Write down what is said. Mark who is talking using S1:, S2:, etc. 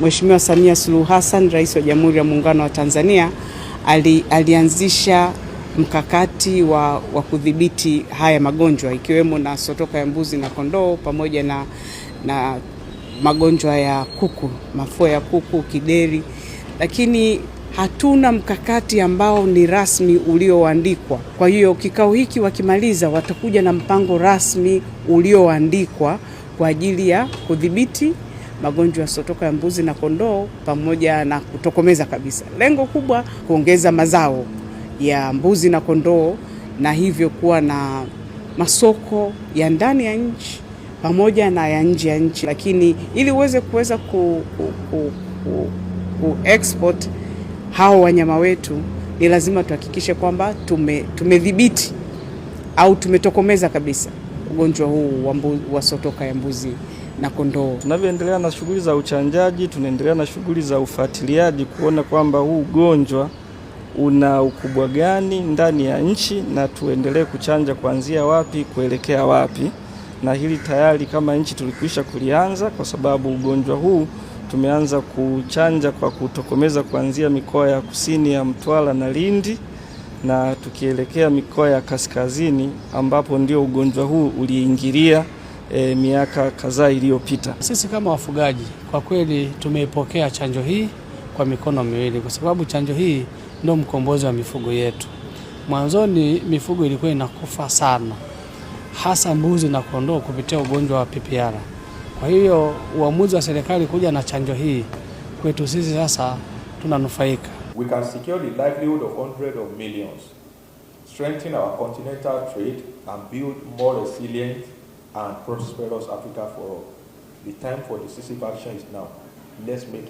S1: Mheshimiwa Samia Suluhu Hassan, Rais wa Jamhuri ya Muungano wa Tanzania, ali, alianzisha mkakati wa, wa kudhibiti haya magonjwa ikiwemo na sotoka ya mbuzi na kondoo pamoja na, na magonjwa ya kuku, mafua ya kuku, kideri, lakini hatuna mkakati ambao ni rasmi ulioandikwa. Kwa hiyo kikao hiki wakimaliza, watakuja na mpango rasmi ulioandikwa kwa ajili ya kudhibiti magonjwa sotoka ya mbuzi na kondoo pamoja na kutokomeza kabisa. Lengo kubwa kuongeza mazao ya mbuzi na kondoo na hivyo kuwa na masoko ya ndani ya nchi pamoja na ya nje ya nchi, lakini ili uweze kuweza ku, ku, ku, ku, ku export hao wanyama wetu ni lazima tuhakikishe kwamba tumedhibiti tume au tumetokomeza kabisa ugonjwa huu wa sotoka ya mbuzi na kondoo.
S2: Tunavyoendelea na shughuli za uchanjaji, tunaendelea na shughuli za ufuatiliaji kuona kwamba huu ugonjwa una ukubwa gani ndani ya nchi na tuendelee kuchanja kuanzia wapi kuelekea wapi. Na hili tayari kama nchi tulikwisha kulianza, kwa sababu ugonjwa huu tumeanza kuchanja kwa kutokomeza kuanzia mikoa ya kusini ya Mtwara na Lindi na tukielekea mikoa ya kaskazini ambapo ndio ugonjwa huu uliingilia e, miaka kadhaa iliyopita.
S3: Sisi kama wafugaji kwa kweli tumeipokea chanjo hii kwa mikono miwili, kwa sababu chanjo hii ndio mkombozi wa mifugo yetu. Mwanzoni mifugo ilikuwa inakufa sana, hasa mbuzi na kondoo kupitia ugonjwa wa PPR. Kwa hiyo uamuzi wa serikali kuja na chanjo hii kwetu sisi sasa tunanufaika.
S4: We can secure the livelihood of hundreds of millions, strengthen our continental trade and build more resilient and prosperous Africa for all. The time for decisive action is now. Let's make